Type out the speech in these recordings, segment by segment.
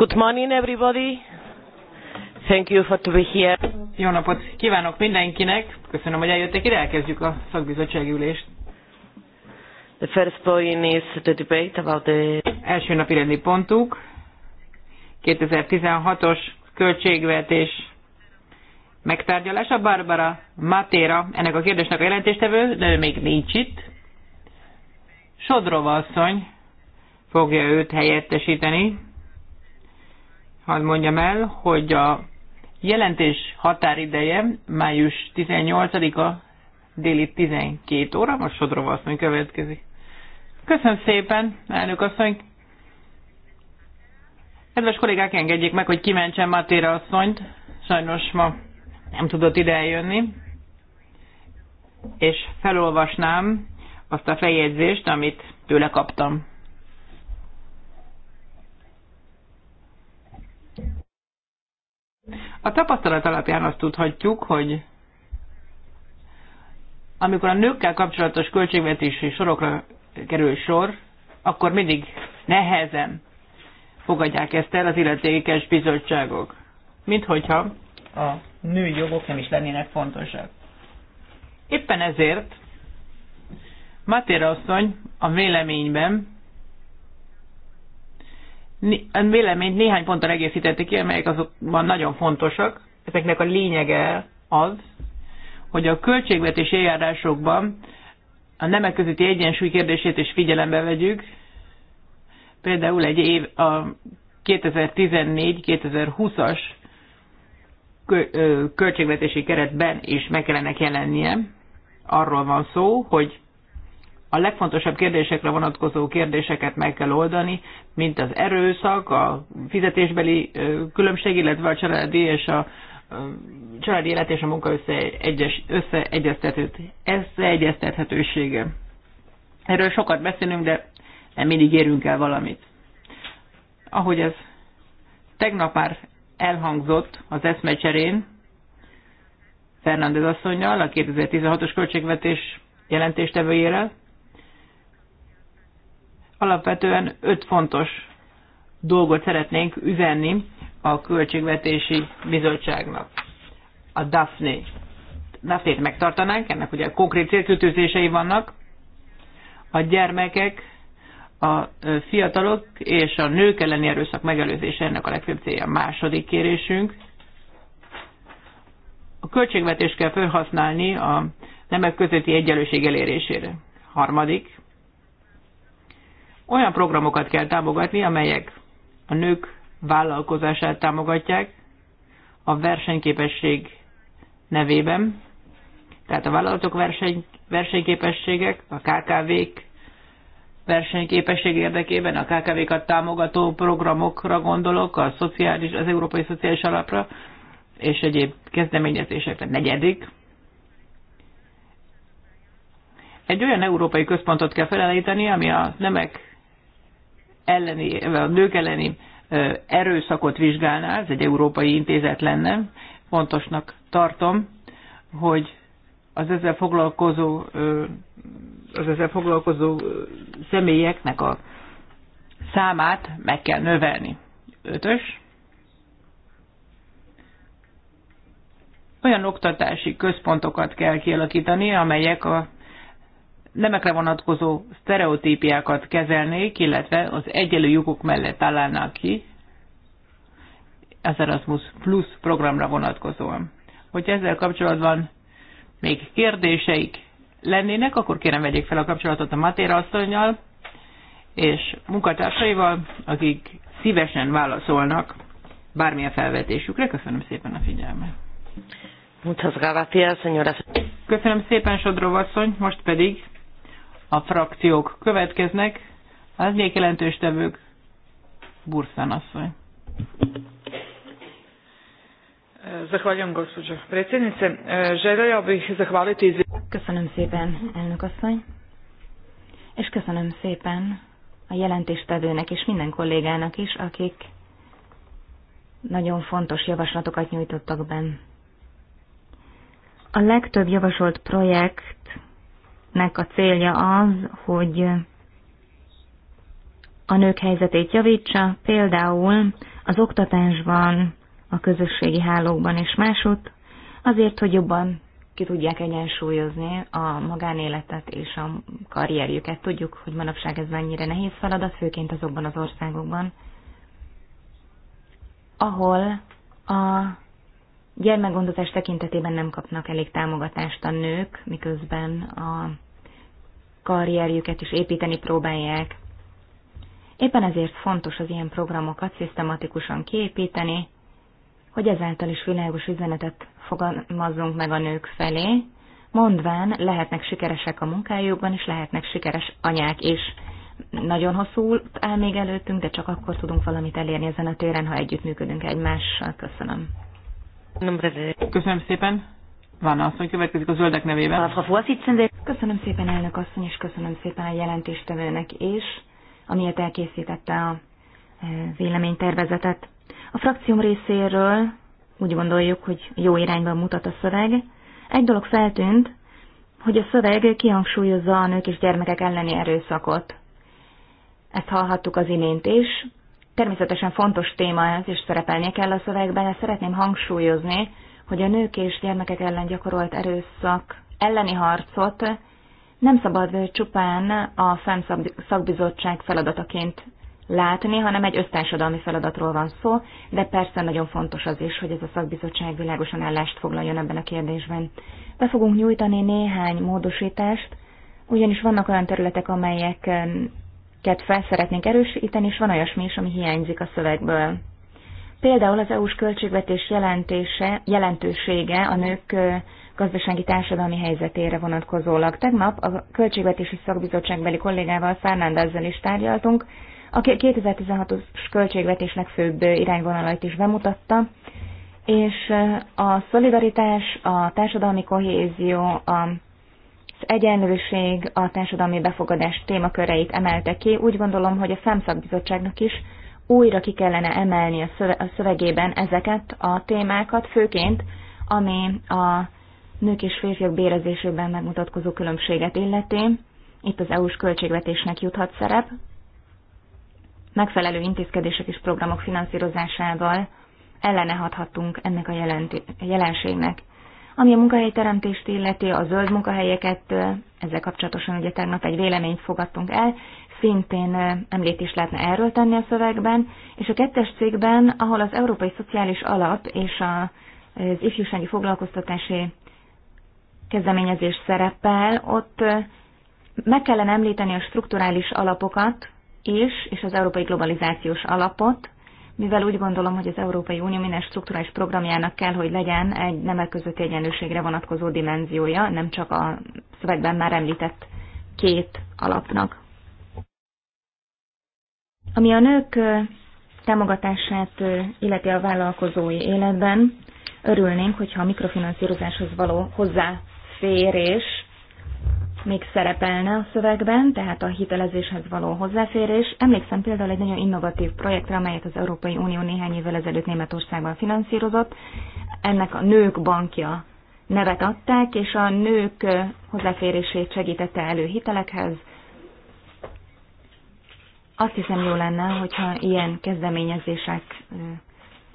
Good morning everybody. Thank you for to be here. Jó napot kívánok mindenkinek. Köszönöm, hogy eljöttek ide. Elkezdjük a szakbizottsági ülést. The first point is the debate about the... Első napi rendi pontuk. 2016-os költségvetés megtárgyalása. Barbara Matéra, ennek a kérdésnek a jelentéstevő, de ő még nincs itt. Sodrova asszony fogja őt helyettesíteni hadd mondjam el, hogy a jelentés határideje május 18-a déli 12 óra, most Sodrova asszony következik. Köszönöm szépen, elnök asszony. Kedves kollégák, engedjék meg, hogy kimentsem Matéra asszonyt. Sajnos ma nem tudott ide eljönni. És felolvasnám azt a feljegyzést, amit tőle kaptam. A tapasztalat alapján azt tudhatjuk, hogy amikor a nőkkel kapcsolatos költségvetési sorokra kerül sor, akkor mindig nehezen fogadják ezt el az illetékes bizottságok. Mint hogyha a női jogok nem is lennének fontosak. Éppen ezért Matér asszony a véleményben véleményt néhány ponttal egészítették ki, amelyek azokban nagyon fontosak. Ezeknek a lényege az, hogy a költségvetési eljárásokban a nemek közötti egyensúly kérdését is figyelembe vegyük. Például egy év a 2014-2020-as költségvetési keretben is meg kellene jelennie. Arról van szó, hogy a legfontosabb kérdésekre vonatkozó kérdéseket meg kell oldani, mint az erőszak, a fizetésbeli különbség, illetve a családi és a családi élet és a munka összeegyeztethetősége. Erről sokat beszélünk, de nem mindig érünk el valamit. Ahogy ez tegnap már elhangzott az eszmecserén, Fernández asszonynal, a 2016-os költségvetés jelentéstevőjére, Alapvetően öt fontos dolgot szeretnénk üzenni a Költségvetési Bizottságnak. A DAFNE. DAFNE-t megtartanánk, ennek ugye konkrét célkültőzései vannak. A gyermekek, a fiatalok és a nők elleni erőszak megelőzése ennek a legfőbb célja. A második kérésünk. A költségvetést kell felhasználni a nemek közötti egyenlőség elérésére. Harmadik, olyan programokat kell támogatni, amelyek a nők vállalkozását támogatják a versenyképesség nevében, tehát a vállalatok verseny, versenyképességek, a KKV-k versenyképesség érdekében, a KKV-kat támogató programokra gondolok, a szociális, az Európai Szociális Alapra, és egyéb kezdeményezésekre. Negyedik, egy olyan európai központot kell felállítani, ami a nemek elleni, a nők elleni erőszakot vizsgálná, ez egy európai intézet lenne. Fontosnak tartom, hogy az ezzel foglalkozó, az ezzel foglalkozó személyeknek a számát meg kell növelni. Ötös. Olyan oktatási központokat kell kialakítani, amelyek a nemekre vonatkozó sztereotípiákat kezelnék, illetve az egyenlő jogok mellett találnák ki az Erasmus Plus programra vonatkozóan. Hogy ezzel kapcsolatban még kérdéseik lennének, akkor kérem vegyék fel a kapcsolatot a Matéra asszonynal és munkatársaival, akik szívesen válaszolnak bármilyen felvetésükre. Köszönöm szépen a figyelmet. Köszönöm szépen, Sodrov asszony. Most pedig a frakciók következnek. Az még jelentős tevők. Burszán asszony. Zahvaljujem, gospođo predsjednice. hogy bih zahvaliti... Köszönöm szépen, elnök asszony. És köszönöm szépen a jelentéstevőnek és minden kollégának is, akik nagyon fontos javaslatokat nyújtottak benn. A legtöbb javasolt projekt Nek a célja az, hogy a nők helyzetét javítsa, például az oktatásban, a közösségi hálókban és másutt, azért, hogy jobban ki tudják egyensúlyozni a magánéletet és a karrierjüket. Tudjuk, hogy manapság ez mennyire nehéz feladat, főként azokban az országokban, ahol a gyermekgondozás tekintetében nem kapnak elég támogatást a nők, miközben a karrierjüket is építeni próbálják. Éppen ezért fontos az ilyen programokat szisztematikusan kiépíteni, hogy ezáltal is világos üzenetet fogalmazzunk meg a nők felé, mondván lehetnek sikeresek a munkájukban, és lehetnek sikeres anyák is. Nagyon hosszú áll még előttünk, de csak akkor tudunk valamit elérni ezen a téren, ha együttműködünk egymással. Köszönöm. Köszönöm szépen. Van asszony, következik a zöldek nevében. Köszönöm szépen elnök asszony, és köszönöm szépen a jelentéstevőnek és amiért elkészítette a e, véleménytervezetet. A frakcióm részéről úgy gondoljuk, hogy jó irányba mutat a szöveg. Egy dolog feltűnt, hogy a szöveg kihangsúlyozza a nők és gyermekek elleni erőszakot. Ezt hallhattuk az imént is. Természetesen fontos téma ez, és szerepelnie kell a szövegben, de szeretném hangsúlyozni, hogy a nők és gyermekek ellen gyakorolt erőszak elleni harcot nem szabad csupán a FEM szakbizottság feladataként látni, hanem egy össztársadalmi feladatról van szó, de persze nagyon fontos az is, hogy ez a szakbizottság világosan állást foglaljon ebben a kérdésben. Be fogunk nyújtani néhány módosítást, ugyanis vannak olyan területek, amelyeket fel szeretnénk erősíteni, és van olyasmi is, ami hiányzik a szövegből. Például az EU-s költségvetés jelentése, jelentősége a nők gazdasági társadalmi helyzetére vonatkozólag. Tegnap a Költségvetési Szakbizottságbeli kollégával ezzel is tárgyaltunk, aki a 2016-os költségvetésnek főbb irányvonalait is bemutatta, és a szolidaritás, a társadalmi kohézió, az egyenlőség, a társadalmi befogadás témaköreit emelte ki. Úgy gondolom, hogy a Femszakbizottságnak is újra ki kellene emelni a szövegében ezeket a témákat, főként ami a nők és férfiak bérezésében megmutatkozó különbséget illeti. Itt az EU-s költségvetésnek juthat szerep. Megfelelő intézkedések és programok finanszírozásával ellene hathatunk ennek a jelenségnek. Ami a munkahelyteremtést illeti, a zöld munkahelyeket, ezzel kapcsolatosan ugye tegnap egy véleményt fogadtunk el, szintén is lehetne erről tenni a szövegben, és a kettes cégben, ahol az Európai Szociális Alap és az ifjúsági foglalkoztatási kezdeményezés szerepel, ott meg kellene említeni a strukturális alapokat is, és az európai globalizációs alapot, mivel úgy gondolom, hogy az Európai Unió minden strukturális programjának kell, hogy legyen egy nemek közötti egyenlőségre vonatkozó dimenziója, nem csak a szövegben már említett két alapnak. Ami a nők támogatását illeti a vállalkozói életben, örülnénk, hogyha a mikrofinanszírozáshoz való hozzáférés még szerepelne a szövegben, tehát a hitelezéshez való hozzáférés. Emlékszem például egy nagyon innovatív projektre, amelyet az Európai Unió néhány évvel ezelőtt Németországban finanszírozott. Ennek a nők bankja nevet adták, és a nők hozzáférését segítette elő hitelekhez, azt hiszem jó lenne, hogyha ilyen kezdeményezések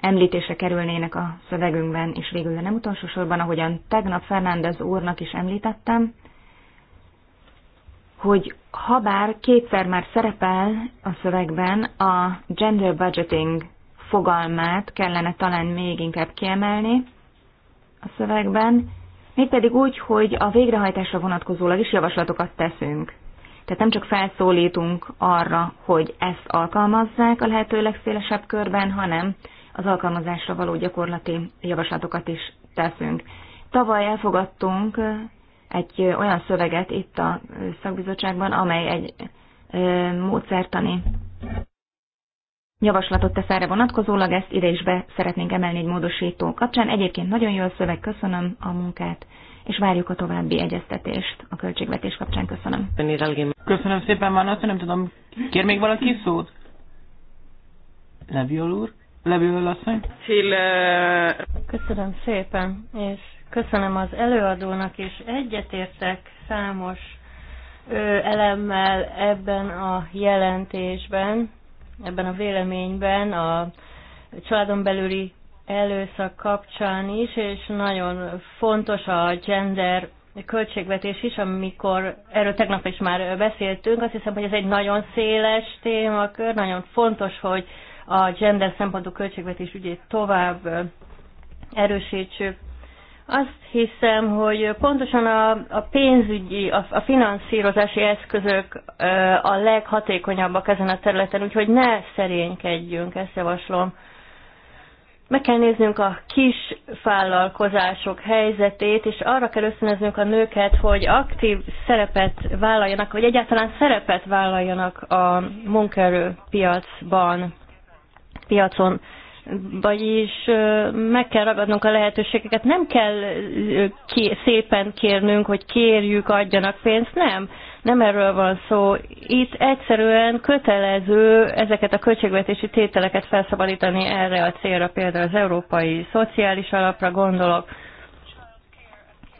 említése kerülnének a szövegünkben, és végül, de nem utolsó sorban, ahogyan tegnap Fernández úrnak is említettem, hogy ha bár kétszer már szerepel a szövegben, a gender budgeting fogalmát kellene talán még inkább kiemelni a szövegben, mégpedig úgy, hogy a végrehajtásra vonatkozólag is javaslatokat teszünk. Tehát nem csak felszólítunk arra, hogy ezt alkalmazzák a lehető legszélesebb körben, hanem az alkalmazásra való gyakorlati javaslatokat is teszünk. Tavaly elfogadtunk egy olyan szöveget itt a szakbizottságban, amely egy módszertani javaslatot tesz erre vonatkozólag, ezt ide is be szeretnénk emelni egy módosító kapcsán. Egyébként nagyon jó a szöveg, köszönöm a munkát és várjuk a további egyeztetést a költségvetés kapcsán. Köszönöm. Köszönöm szépen, van nem tudom, kér még valaki szót? Leviol úr? Leviol asszony? Eh, köszönöm szépen, és köszönöm az előadónak, és egyetértek számos ö, elemmel ebben a jelentésben, ebben a véleményben, a családon belüli előszak kapcsán is, és nagyon fontos a gender költségvetés is, amikor erről tegnap is már beszéltünk, azt hiszem, hogy ez egy nagyon széles témakör, nagyon fontos, hogy a gender szempontú költségvetés ügyét tovább erősítsük. Azt hiszem, hogy pontosan a, a pénzügyi, a, a finanszírozási eszközök a leghatékonyabbak ezen a területen, úgyhogy ne szerénykedjünk, ezt javaslom. Meg kell néznünk a kis vállalkozások helyzetét, és arra kell összeneznünk a nőket, hogy aktív szerepet vállaljanak, vagy egyáltalán szerepet vállaljanak a munkaerőpiacban, piacon vagyis meg kell ragadnunk a lehetőségeket. Nem kell szépen kérnünk, hogy kérjük, adjanak pénzt, nem. Nem erről van szó. Itt egyszerűen kötelező ezeket a költségvetési tételeket felszabadítani erre a célra, például az európai szociális alapra gondolok,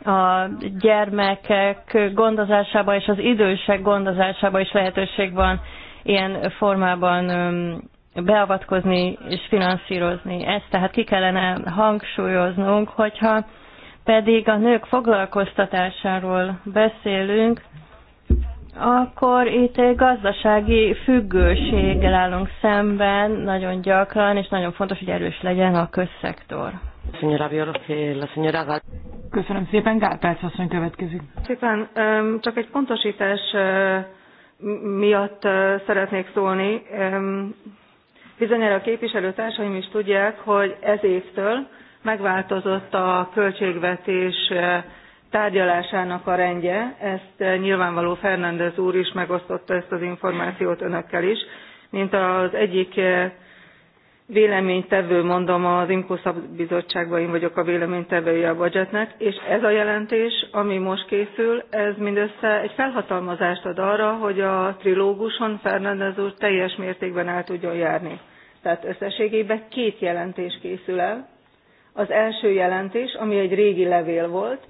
a gyermekek gondozásába és az idősek gondozásába is lehetőség van ilyen formában beavatkozni és finanszírozni. Ezt tehát ki kellene hangsúlyoznunk, hogyha pedig a nők foglalkoztatásáról beszélünk, akkor itt gazdasági függőséggel állunk szemben nagyon gyakran, és nagyon fontos, hogy erős legyen a közszektor. Eh, Köszönöm szépen, Gál Perc asszony következik. Szépen, csak egy pontosítás eh, miatt eh, szeretnék szólni. Bizonyára a képviselőtársaim is tudják, hogy ez évtől megváltozott a költségvetés tárgyalásának a rendje ezt eh, nyilvánvaló fernandes úr is megosztotta ezt az információt önökkel is mint az egyik eh, véleménytevő mondom az imco szakbizottságban én vagyok a véleménytevője a budgetnek és ez a jelentés ami most készül ez mindössze egy felhatalmazást ad arra hogy a trilóguson fernandes úr teljes mértékben el tudjon járni. tehát összességében két jelentés készül el az első jelentés ami egy régi levél volt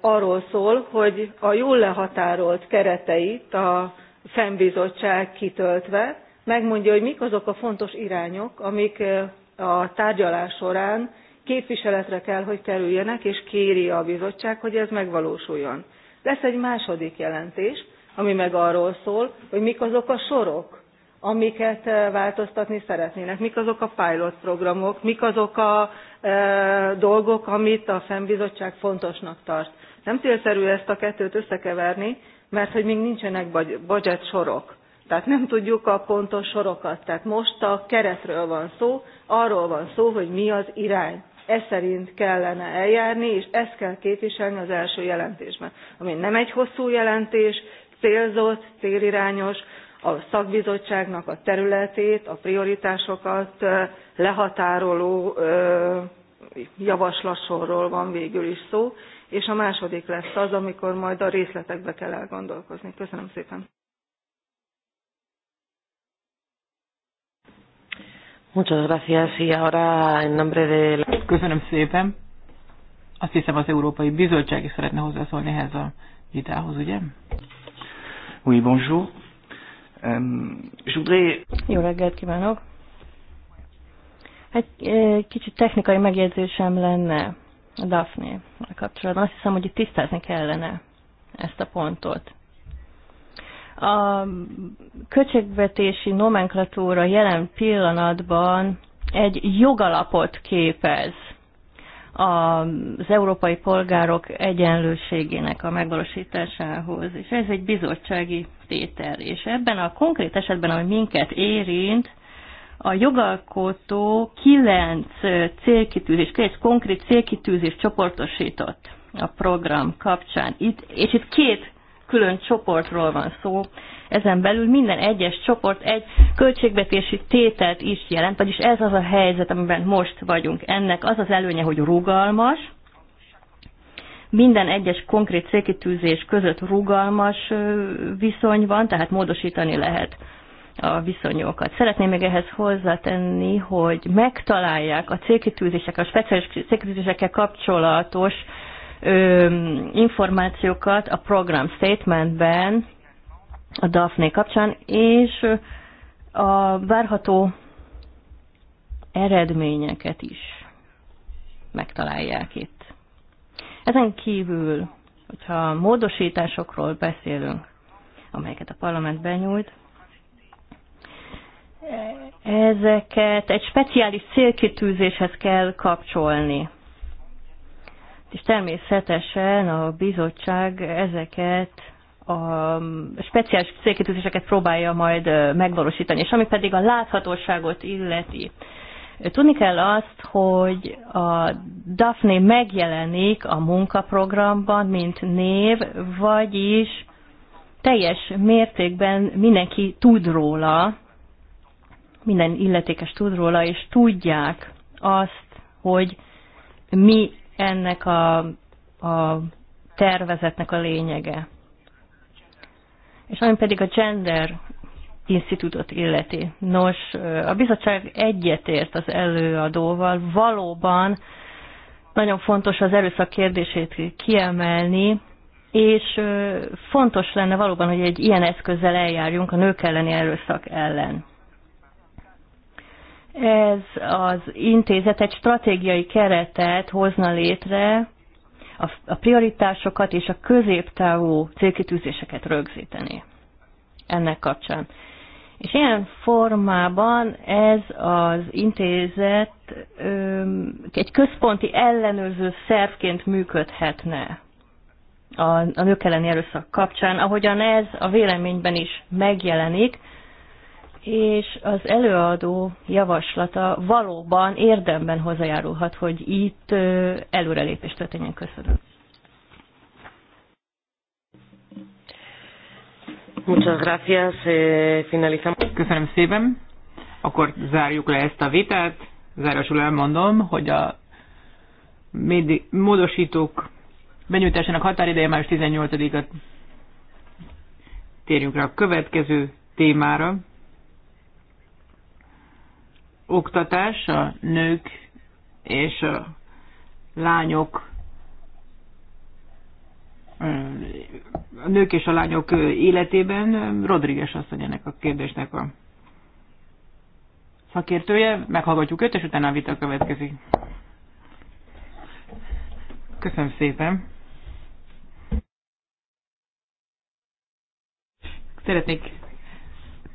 arról szól hogy a jól lehatárolt kereteit a femm bizottság kitöltve megmondja hogy mik azok a fontos irányok amik a tárgyalás során képviseletre kell hogy kerüljenek és kéri a bizottság hogy ez megvalósuljon. lesz egy második jelentés ami meg arról szól hogy mik azok a sorok amiket változtatni szeretnének mik azok a pilot programok mik azok a e, dolgok amit a femm bizottság fontosnak tart. nem célszerű ezt a kettőt összekeverni mert hogy még nincsenek budget sorok tehát nem tudjuk a pontos sorokat tehát most a keretről van szó arról van szó hogy mi az irány ez szerint kellene eljárni és ezt kell képviselni az első jelentésben ami nem egy hosszú jelentés célzott célirányos a szakbizottságnak a területét a prioritásokat lehatároló javaslatsorról van végül is szó és a második lesz az amikor majd a részletekbe kell elgondolkozni. köszönöm szépen! Muchas gracias y ahora en nombre de la... Köszönöm szépen. Azt hiszem az Európai Bizottság is szeretne hozzászólni ehhez a vitához, ugye? Oui, bonjour. Je voudrais... Jó reggelt kívánok! Egy kicsit technikai megjegyzésem lenne a daphne kapcsolatban. Azt hiszem, hogy itt tisztázni kellene ezt a pontot. A költségvetési nomenklatúra jelen pillanatban egy jogalapot képez az európai polgárok egyenlőségének a megvalósításához, és ez egy bizottsági tétel. És ebben a konkrét esetben, ami minket érint, a jogalkotó kilenc célkitűzés, kilenc konkrét célkitűzés csoportosított a program kapcsán. Itt, és itt két külön csoportról van szó. Ezen belül minden egyes csoport egy költségvetési tételt is jelent, vagyis ez az a helyzet, amiben most vagyunk. Ennek az az előnye, hogy rugalmas, minden egyes konkrét székitűzés között rugalmas viszony van, tehát módosítani lehet a viszonyokat. Szeretném még ehhez hozzátenni, hogy megtalálják a célkitűzések, a speciális cégkitűzésekkel kapcsolatos ö, információkat a program statementben a Daphne kapcsán, és a várható eredményeket is megtalálják itt. Ezen kívül, hogyha módosításokról beszélünk, amelyeket a parlament benyújt, ezeket egy speciális célkitűzéshez kell kapcsolni. És természetesen a bizottság ezeket a speciális célkitűzéseket próbálja majd megvalósítani. És ami pedig a láthatóságot illeti, Tudni kell azt, hogy a Daphne megjelenik a munkaprogramban, mint név, vagyis teljes mértékben mindenki tud róla, minden illetékes tud róla, és tudják azt, hogy mi ennek a, a tervezetnek a lényege. És ami pedig a gender Institutot illeti. Nos, a bizottság egyetért az előadóval, valóban nagyon fontos az erőszak kérdését kiemelni, és fontos lenne valóban, hogy egy ilyen eszközzel eljárjunk a nők elleni erőszak ellen. Ez az intézet egy stratégiai keretet hozna létre, a, prioritásokat és a középtávú célkitűzéseket rögzíteni ennek kapcsán. És ilyen formában ez az intézet egy központi ellenőrző szervként működhetne a, nők elleni erőszak kapcsán, ahogyan ez a véleményben is megjelenik, és az előadó javaslata valóban érdemben hozzájárulhat, hogy itt előrelépés történjen. Köszönöm. Muchas gracias. Eh, finalizamos. Köszönöm szépen. Akkor zárjuk le ezt a vitát. Zárásul elmondom, hogy a módosítók benyújtásának határideje május 18 at Térjünk rá a következő témára oktatás a nők és a lányok a nők és a lányok életében. Rodríguez asszony ennek a kérdésnek a szakértője. Meghallgatjuk őt, és utána a vita következik. Köszönöm szépen. Szeretnék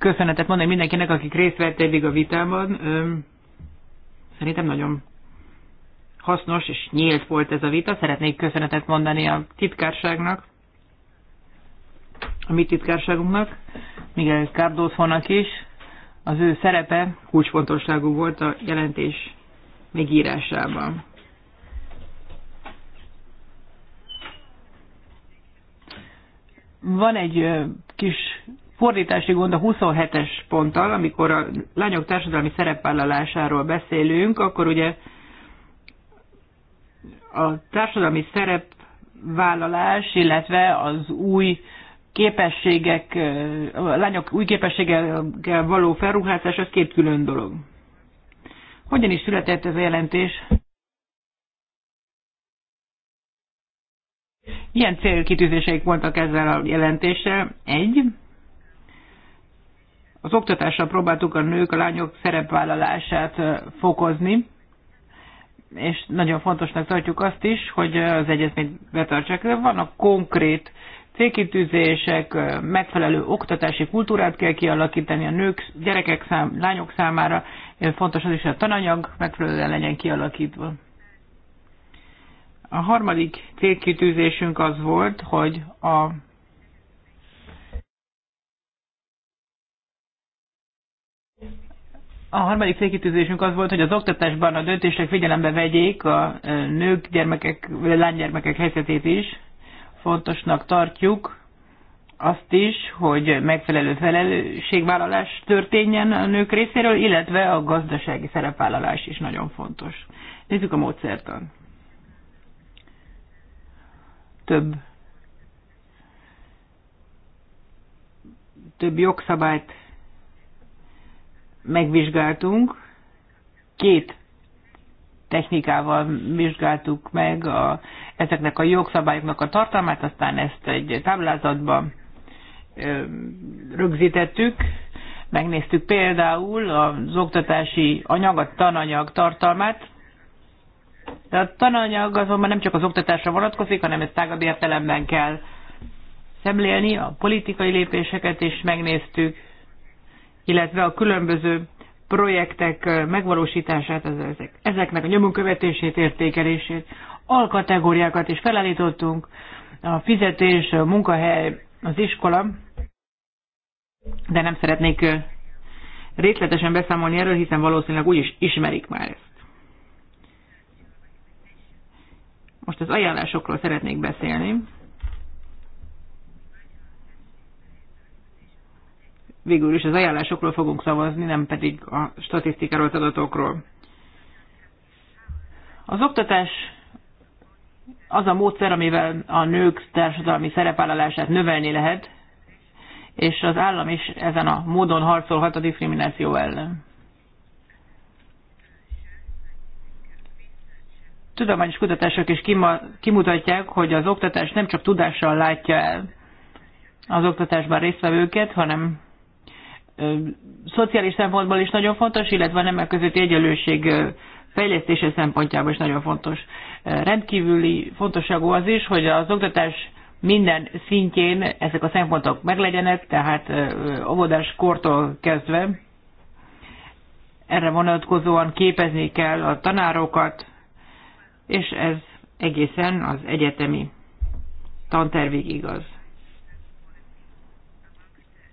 köszönetet mondani mindenkinek, akik részt vett eddig a vitában. Szerintem nagyon hasznos és nyílt volt ez a vita. Szeretnék köszönetet mondani a titkárságnak, a mi titkárságunknak, Miguel Cardózónak is. Az ő szerepe kulcsfontosságú volt a jelentés megírásában. Van egy kis fordítási gond a 27-es ponttal, amikor a lányok társadalmi szerepvállalásáról beszélünk, akkor ugye a társadalmi szerepvállalás, illetve az új képességek, a lányok új képességekkel való felruházás, az két külön dolog. Hogyan is született ez a jelentés? Ilyen célkitűzéseik voltak ezzel a jelentéssel. Egy, az oktatással próbáltuk a nők, a lányok szerepvállalását fokozni, és nagyon fontosnak tartjuk azt is, hogy az egyezményt betartsák. Vannak konkrét célkitűzések, megfelelő oktatási kultúrát kell kialakítani a nők, gyerekek, szám, lányok számára, fontos az is, hogy a tananyag megfelelően legyen kialakítva. A harmadik célkitűzésünk az volt, hogy a A harmadik célkitűzésünk az volt, hogy az oktatásban a döntések figyelembe vegyék a nők, gyermekek, vagy lánygyermekek helyzetét is. Fontosnak tartjuk azt is, hogy megfelelő felelősségvállalás történjen a nők részéről, illetve a gazdasági szerepvállalás is nagyon fontos. Nézzük a módszertan. Több több jogszabályt megvizsgáltunk. Két technikával vizsgáltuk meg a, ezeknek a jogszabályoknak a tartalmát, aztán ezt egy táblázatban rögzítettük. Megnéztük például az oktatási anyag, a tananyag tartalmát, de a tananyag azonban nem csak az oktatásra vonatkozik, hanem ezt tágabb értelemben kell szemlélni, a politikai lépéseket is megnéztük, illetve a különböző projektek megvalósítását, ezek, ezeknek a nyomon értékelését. Alkategóriákat is felállítottunk, a fizetés, a munkahely, az iskola, de nem szeretnék részletesen beszámolni erről, hiszen valószínűleg úgyis ismerik már ezt. Most az ajánlásokról szeretnék beszélni. végül is az ajánlásokról fogunk szavazni, nem pedig a statisztikáról, az adatokról. Az oktatás az a módszer, amivel a nők társadalmi szerepállalását növelni lehet, és az állam is ezen a módon harcolhat a diszkrimináció ellen. Tudományos kutatások is kimutatják, hogy az oktatás nem csak tudással látja el az oktatásban résztvevőket, hanem szociális szempontból is nagyon fontos, illetve a nemek közötti egyenlőség fejlesztése szempontjából is nagyon fontos. Rendkívüli fontosságú az is, hogy az oktatás minden szintjén ezek a szempontok meglegyenek, tehát óvodás kortól kezdve erre vonatkozóan képezni kell a tanárokat, és ez egészen az egyetemi tantervig igaz.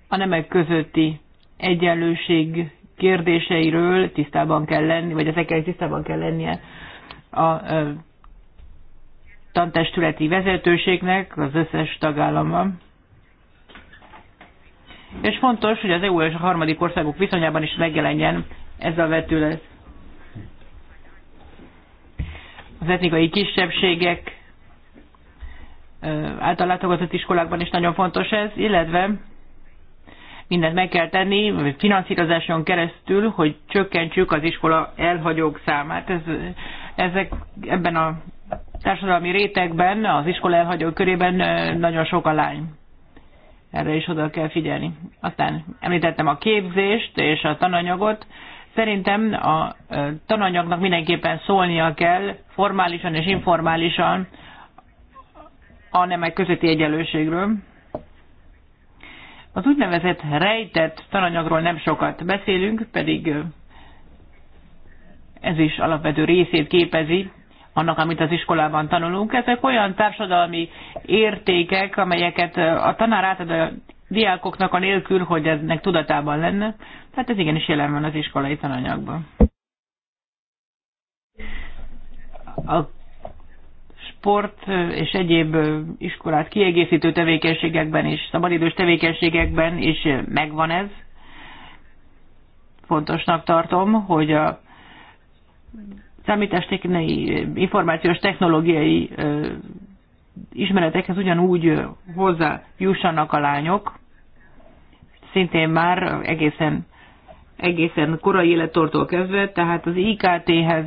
A nemek közötti egyenlőség kérdéseiről tisztában kell lenni, vagy ezekkel tisztában kell lennie a tantestületi vezetőségnek az összes tagállamban. És fontos, hogy az EU és a harmadik országok viszonyában is megjelenjen ez a vetület. Az etnikai kisebbségek által látogatott iskolákban is nagyon fontos ez, illetve mindent meg kell tenni, finanszírozáson keresztül, hogy csökkentsük az iskola elhagyók számát. Ez, ezek ebben a társadalmi rétegben, az iskola elhagyók körében nagyon sok a lány. Erre is oda kell figyelni. Aztán említettem a képzést és a tananyagot. Szerintem a tananyagnak mindenképpen szólnia kell formálisan és informálisan a nemek közötti egyenlőségről. Az úgynevezett rejtett tananyagról nem sokat beszélünk, pedig ez is alapvető részét képezi annak, amit az iskolában tanulunk. Ezek olyan társadalmi értékek, amelyeket a tanár átad a diákoknak a nélkül, hogy eznek tudatában lenne. Tehát ez igenis jelen van az iskolai tananyagban. A sport és egyéb iskolát kiegészítő tevékenységekben és szabadidős tevékenységekben is megvan ez. Fontosnak tartom, hogy a számítástechnikai, információs technológiai ismeretekhez ugyanúgy hozzájussanak a lányok, szintén már egészen, egészen korai élettortól kezdve, tehát az IKT-hez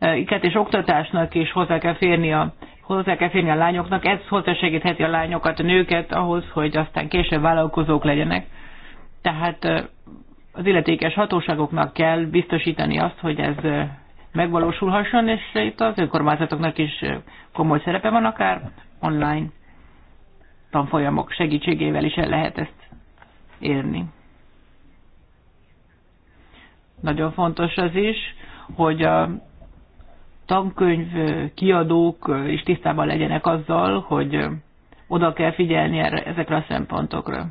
iket és oktatásnak is hozzá kell férni a hozzá kell férni a lányoknak, ez hozzásegítheti a lányokat, a nőket ahhoz, hogy aztán később vállalkozók legyenek. Tehát az illetékes hatóságoknak kell biztosítani azt, hogy ez megvalósulhasson, és itt az önkormányzatoknak is komoly szerepe van, akár online tanfolyamok segítségével is el lehet ezt érni. Nagyon fontos az is, hogy a tankönyv kiadók is tisztában legyenek azzal, hogy oda kell figyelni erre, ezekre a szempontokra.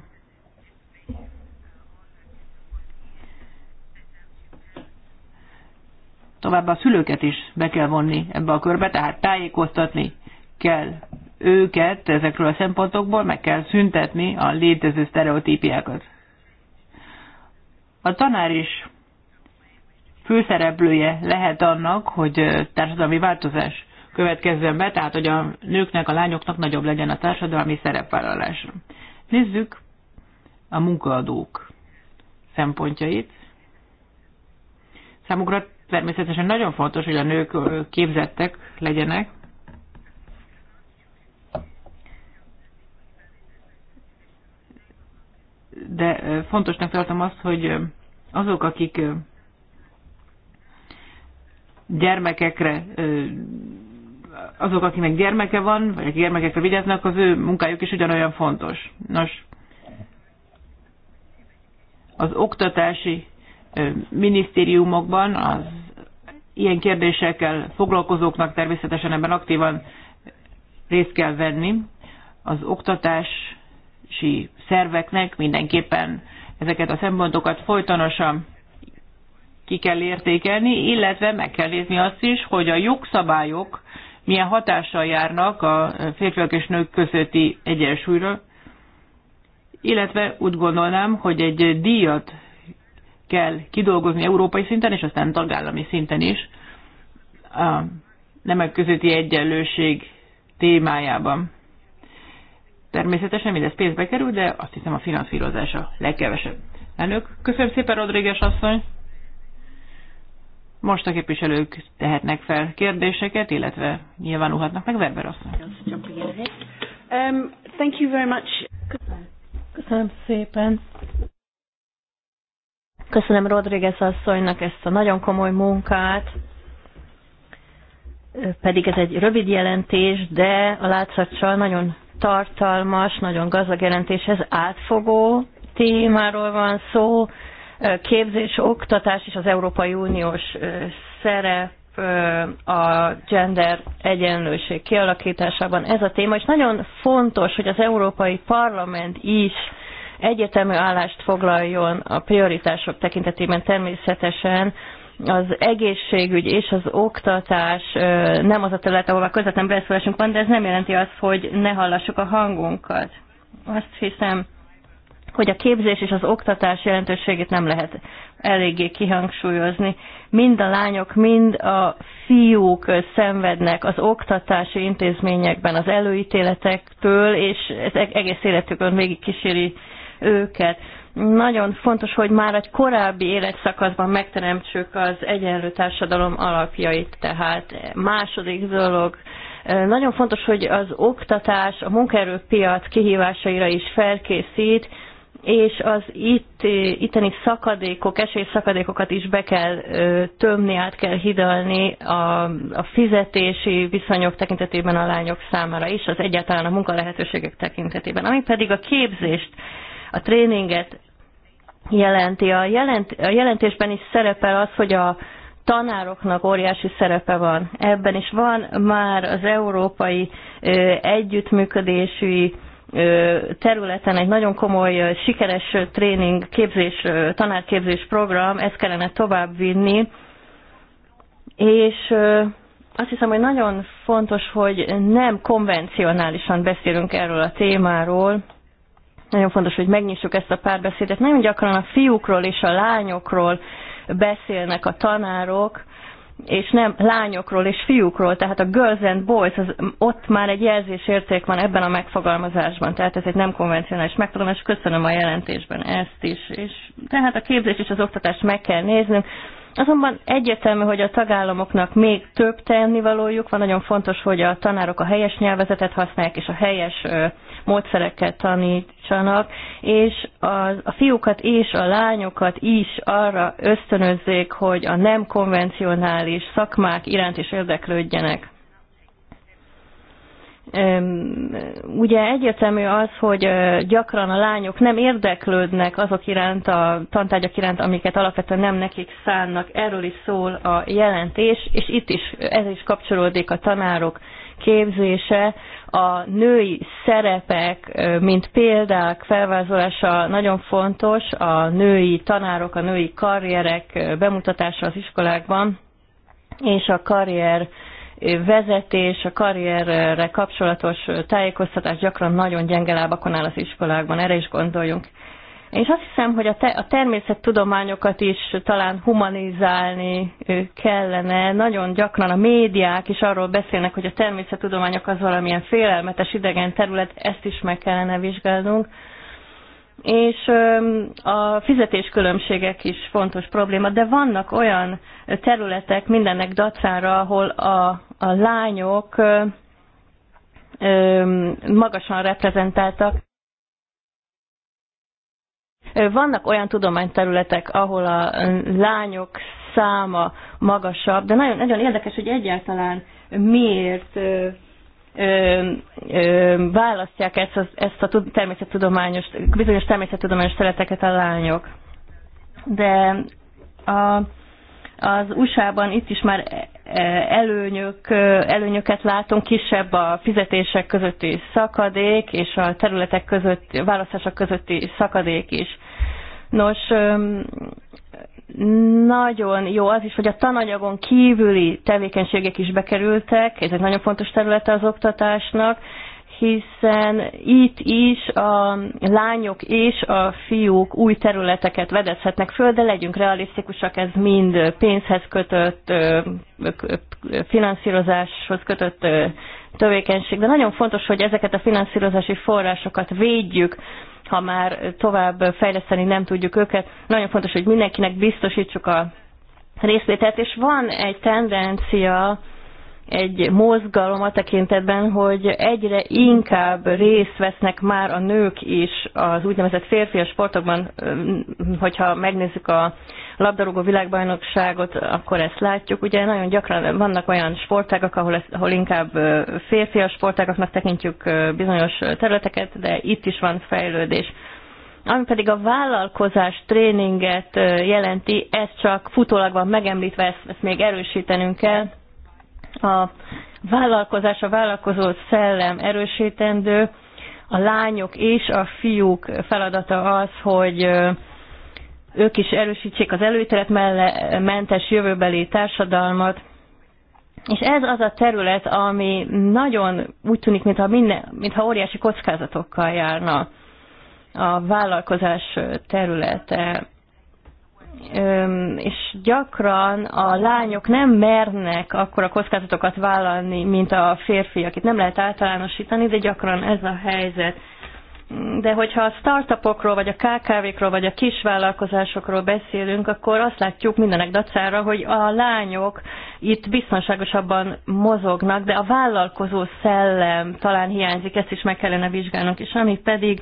Továbbá a szülőket is be kell vonni ebbe a körbe, tehát tájékoztatni kell őket ezekről a szempontokból, meg kell szüntetni a létező sztereotípiákat. A tanár is főszereplője lehet annak, hogy társadalmi változás következzen be, tehát hogy a nőknek, a lányoknak nagyobb legyen a társadalmi szerepvállalás. Nézzük a munkaadók szempontjait. Számukra természetesen nagyon fontos, hogy a nők képzettek legyenek, de fontosnak tartom azt, hogy azok, akik gyermekekre, azok, akinek gyermeke van, vagy akik gyermekekre vigyáznak, az ő munkájuk is ugyanolyan fontos. Nos, az oktatási minisztériumokban az ilyen kérdésekkel foglalkozóknak természetesen ebben aktívan részt kell venni. Az oktatási szerveknek mindenképpen ezeket a szempontokat folytonosan ki kell értékelni, illetve meg kell nézni azt is, hogy a jogszabályok milyen hatással járnak a férfiak és nők közötti egyensúlyra, illetve úgy gondolnám, hogy egy díjat kell kidolgozni európai szinten, és aztán tagállami szinten is a nemek közötti egyenlőség témájában. Természetesen mindez pénzbe kerül, de azt hiszem a finanszírozása legkevesebb. Elnök, köszönöm szépen, Rodríguez asszony! Most a képviselők tehetnek fel kérdéseket, illetve nyilvánulhatnak meg Weber asszony. Um, thank you very much. Köszönöm. Köszönöm szépen. Köszönöm Rodriguez asszonynak ezt a nagyon komoly munkát. Pedig ez egy rövid jelentés, de a látszatcsal nagyon tartalmas, nagyon gazdag jelentés. Ez átfogó témáról van szó, képzés, oktatás és az Európai Uniós szerep a gender egyenlőség kialakításában ez a téma, és nagyon fontos, hogy az Európai Parlament is egyetemű állást foglaljon a prioritások tekintetében természetesen, az egészségügy és az oktatás nem az a terület, ahol a közvetlen beleszólásunk van, de ez nem jelenti azt, hogy ne hallassuk a hangunkat. Azt hiszem, hogy a képzés és az oktatás jelentőségét nem lehet eléggé kihangsúlyozni. Mind a lányok, mind a fiúk szenvednek az oktatási intézményekben az előítéletektől, és ez e- egész életükön végig kíséri őket. Nagyon fontos, hogy már egy korábbi életszakaszban megteremtsük az egyenlő társadalom alapjait, tehát második dolog, nagyon fontos, hogy az oktatás a munkaerőpiac kihívásaira is felkészít, és az itt, itteni szakadékok, esélyszakadékokat is be kell tömni, át kell hidalni a, a fizetési viszonyok tekintetében a lányok számára is, az egyáltalán a munkalehetőségek tekintetében. Ami pedig a képzést, a tréninget jelenti. A, jelent, a jelentésben is szerepel az, hogy a tanároknak óriási szerepe van. Ebben is van már az európai együttműködésű területen egy nagyon komoly, sikeres tréning, képzés, tanárképzés program, ezt kellene továbbvinni, és azt hiszem, hogy nagyon fontos, hogy nem konvencionálisan beszélünk erről a témáról. Nagyon fontos, hogy megnyissuk ezt a párbeszédet. Nagyon gyakran a fiúkról és a lányokról beszélnek a tanárok, és nem lányokról és fiúkról, tehát a girls and boys, az, ott már egy jelzésérték van ebben a megfogalmazásban, tehát ez egy nem konvencionális megfogalmazás, köszönöm a jelentésben ezt is. És, tehát a képzés és az oktatást meg kell néznünk, Azonban egyértelmű, hogy a tagállamoknak még több tennivalójuk van, nagyon fontos, hogy a tanárok a helyes nyelvezetet használják, és a helyes módszereket tanítsanak, és a, a fiúkat és a lányokat is arra ösztönözzék, hogy a nem konvencionális szakmák iránt is érdeklődjenek ugye egyértelmű az, hogy gyakran a lányok nem érdeklődnek azok iránt, a tantárgyak iránt, amiket alapvetően nem nekik szánnak. Erről is szól a jelentés, és itt is ez is kapcsolódik a tanárok képzése a női szerepek, mint példák felvázolása nagyon fontos, a női tanárok, a női karrierek bemutatása az iskolákban, és a karrier vezetés, a karrierre kapcsolatos tájékoztatás gyakran nagyon gyenge lábakon áll az iskolákban, erre is gondoljunk. És azt hiszem, hogy a, te, a természettudományokat is talán humanizálni kellene. Nagyon gyakran a médiák is arról beszélnek, hogy a természettudományok az valamilyen félelmetes idegen terület, ezt is meg kellene vizsgálnunk. És a fizetéskülönbségek is fontos probléma, de vannak olyan területek mindennek dacára, ahol a, a lányok magasan reprezentáltak, vannak olyan tudományterületek, ahol a lányok száma magasabb, de nagyon, nagyon érdekes, hogy egyáltalán miért ö, ö, választják ezt a, ezt a természettudományos, bizonyos természettudományos területeket a lányok. De a, az USA-ban itt is már e, előnyök, előnyöket látunk, kisebb a fizetések közötti szakadék, és a területek között, választások közötti szakadék is. Nos, nagyon jó az is, hogy a tananyagon kívüli tevékenységek is bekerültek, Ez egy nagyon fontos területe az oktatásnak, hiszen itt is a lányok és a fiúk új területeket vedezhetnek föl, de legyünk realisztikusak, ez mind pénzhez kötött, finanszírozáshoz kötött tövékenység. de nagyon fontos, hogy ezeket a finanszírozási forrásokat védjük, ha már tovább fejleszteni nem tudjuk őket. Nagyon fontos, hogy mindenkinek biztosítsuk a részvételt, és van egy tendencia, egy mozgalom a tekintetben, hogy egyre inkább részt vesznek már a nők is az úgynevezett férfias sportokban, hogyha megnézzük a labdarúgó világbajnokságot, akkor ezt látjuk. Ugye nagyon gyakran vannak olyan sportágak, ahol, ezt, ahol inkább férfias sportágaknak tekintjük bizonyos területeket, de itt is van fejlődés. Ami pedig a vállalkozás tréninget jelenti, ez csak futólag van megemlítve, ezt, ezt még erősítenünk kell a vállalkozás, a vállalkozó szellem erősítendő, a lányok és a fiúk feladata az, hogy ők is erősítsék az előítélet mentes jövőbeli társadalmat, és ez az a terület, ami nagyon úgy tűnik, mintha, minden, mintha óriási kockázatokkal járna a vállalkozás területe és gyakran a lányok nem mernek akkor a kockázatokat vállalni, mint a férfiak. Itt nem lehet általánosítani, de gyakran ez a helyzet. De hogyha a startupokról, vagy a KKV-król, vagy a kisvállalkozásokról beszélünk, akkor azt látjuk mindenek dacára, hogy a lányok itt biztonságosabban mozognak, de a vállalkozó szellem talán hiányzik, ezt is meg kellene vizsgálnunk. És ami pedig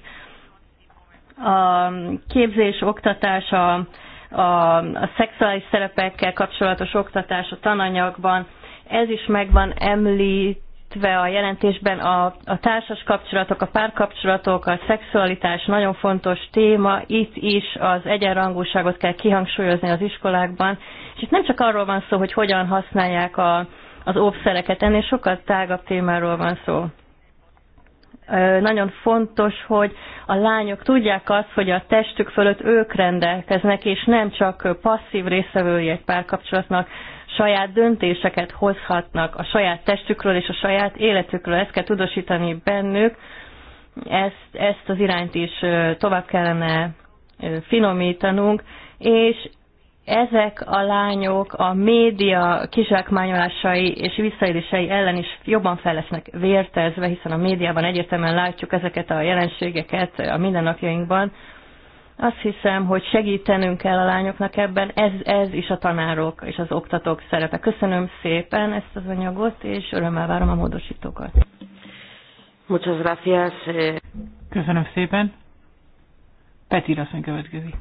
a képzés, oktatás, a a, a szexuális szerepekkel kapcsolatos oktatás a tananyagban, ez is megvan említve a jelentésben, a, a társas kapcsolatok, a párkapcsolatok, a szexualitás nagyon fontos téma, itt is az egyenrangúságot kell kihangsúlyozni az iskolákban, és itt nem csak arról van szó, hogy hogyan használják a, az óvszereket, ennél sokkal tágabb témáról van szó nagyon fontos, hogy a lányok tudják azt, hogy a testük fölött ők rendelkeznek, és nem csak passzív részevői egy párkapcsolatnak, saját döntéseket hozhatnak a saját testükről és a saját életükről. Ezt kell tudosítani bennük, ezt, ezt az irányt is tovább kellene finomítanunk, és ezek a lányok a média kizsákmányolásai és visszaélései ellen is jobban fel lesznek vértezve, hiszen a médiában egyértelműen látjuk ezeket a jelenségeket a mindennapjainkban. Azt hiszem, hogy segítenünk kell a lányoknak ebben, ez, ez is a tanárok és az oktatók szerepe. Köszönöm szépen ezt az anyagot, és örömmel várom a módosítókat. Muchas gracias. Eh. Köszönöm szépen. Peti Rasszony következik.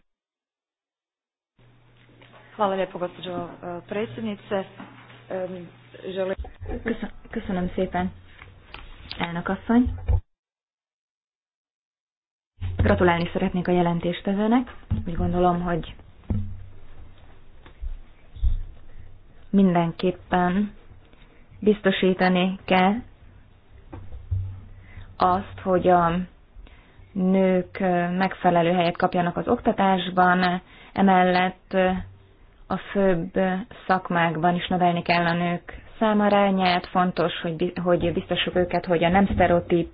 Hvala lijepo gospođo e, predsjednice. Želim... Köszönöm szépen, elnök asszony. Gratulálni szeretnék a jelentéstevőnek. Úgy gondolom, hogy mindenképpen biztosítani kell azt, hogy a nők megfelelő helyet kapjanak az oktatásban, emellett a főbb szakmákban is növelni kell a nők számarányát, fontos, hogy, hogy biztosuk őket, hogy a nem sztereotíp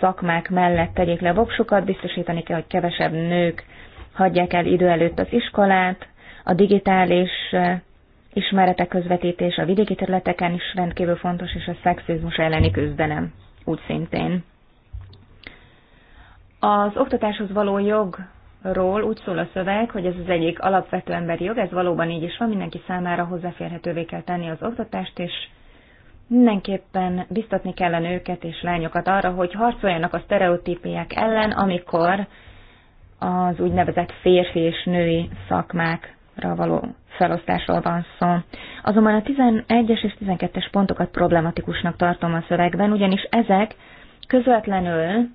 szakmák mellett tegyék le a voksukat, biztosítani kell, hogy kevesebb nők hagyják el idő előtt az iskolát, a digitális ismeretek közvetítés a vidéki területeken is rendkívül fontos, és a szexizmus elleni küzdelem úgy szintén. Az oktatáshoz való jog ról úgy szól a szöveg, hogy ez az egyik alapvető emberi jog, ez valóban így is van, mindenki számára hozzáférhetővé kell tenni az oktatást, és mindenképpen biztatni kellene őket és lányokat arra, hogy harcoljanak a sztereotípiák ellen, amikor az úgynevezett férfi és női szakmákra való felosztásról van szó. Azonban a 11-es és 12-es pontokat problematikusnak tartom a szövegben, ugyanis ezek közvetlenül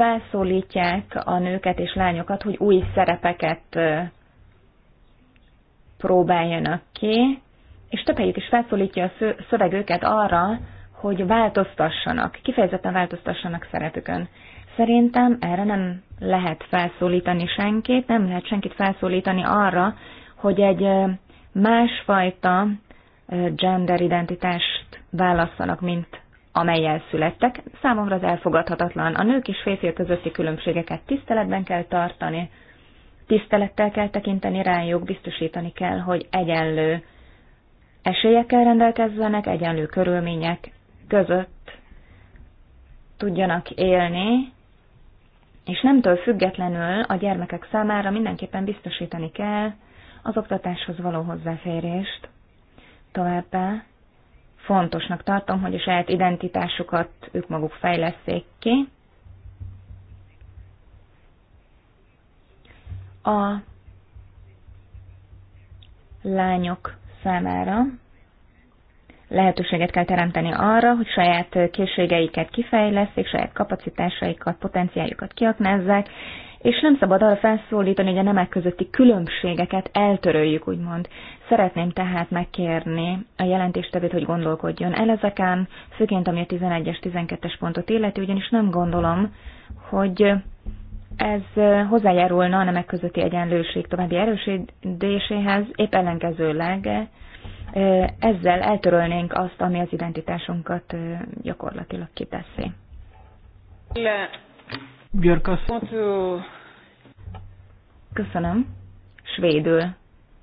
felszólítják a nőket és lányokat, hogy új szerepeket próbáljanak ki, és többhelyük is felszólítja a szöveg őket arra, hogy változtassanak, kifejezetten változtassanak szerepükön. Szerintem erre nem lehet felszólítani senkit, nem lehet senkit felszólítani arra, hogy egy másfajta gender identitást válasszanak, mint amelyel születtek, számomra az elfogadhatatlan. A nők és férfiak közötti különbségeket tiszteletben kell tartani, tisztelettel kell tekinteni rájuk, biztosítani kell, hogy egyenlő esélyekkel rendelkezzenek, egyenlő körülmények között tudjanak élni, és nemtől függetlenül a gyermekek számára mindenképpen biztosítani kell az oktatáshoz való hozzáférést. Továbbá fontosnak tartom, hogy a saját identitásukat ők maguk fejleszték ki. A lányok számára lehetőséget kell teremteni arra, hogy saját készségeiket kifejleszik, saját kapacitásaikat, potenciáljukat kiaknázzák, és nem szabad arra felszólítani, hogy a nemek közötti különbségeket eltöröljük, úgymond. Szeretném tehát megkérni a jelentéstevőt, hogy gondolkodjon el ezeken, főként ami a 11-es, 12-es pontot illeti, ugyanis nem gondolom, hogy ez hozzájárulna a nemek közötti egyenlőség további erősítéséhez, épp ellenkezőleg ezzel eltörölnénk azt, ami az identitásunkat gyakorlatilag kiteszi. Köszönöm. Svédül.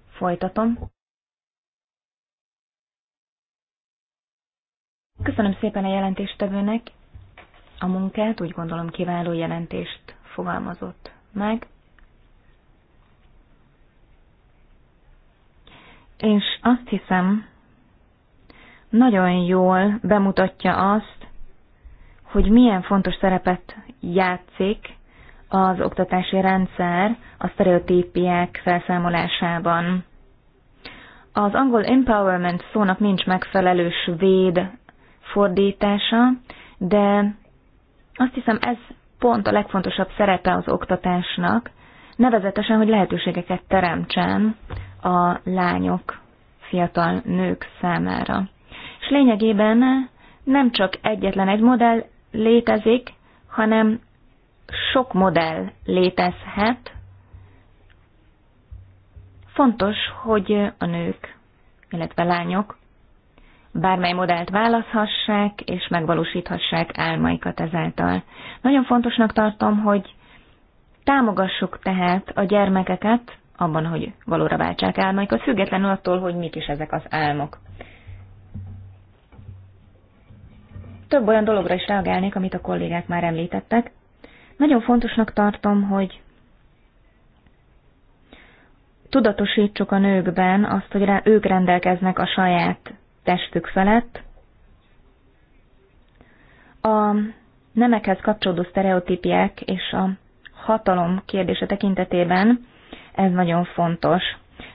Folytatom. Köszönöm szépen a jelentéstevőnek. A munkát úgy gondolom kiváló jelentést fogalmazott meg. És azt hiszem, nagyon jól bemutatja azt, hogy milyen fontos szerepet játszik az oktatási rendszer a sztereotípiák felszámolásában. Az angol empowerment szónak nincs megfelelő svéd fordítása, de azt hiszem ez pont a legfontosabb szerepe az oktatásnak, nevezetesen, hogy lehetőségeket teremtsen a lányok, fiatal nők számára. És lényegében nem csak egyetlen egy modell, létezik, hanem sok modell létezhet. Fontos, hogy a nők, illetve lányok bármely modellt választhassák és megvalósíthassák álmaikat ezáltal. Nagyon fontosnak tartom, hogy támogassuk tehát a gyermekeket abban, hogy valóra váltsák álmaikat, függetlenül attól, hogy mik is ezek az álmok. több olyan dologra is reagálnék, amit a kollégák már említettek. Nagyon fontosnak tartom, hogy tudatosítsuk a nőkben azt, hogy ők rendelkeznek a saját testük felett. A nemekhez kapcsolódó sztereotípiek és a hatalom kérdése tekintetében ez nagyon fontos.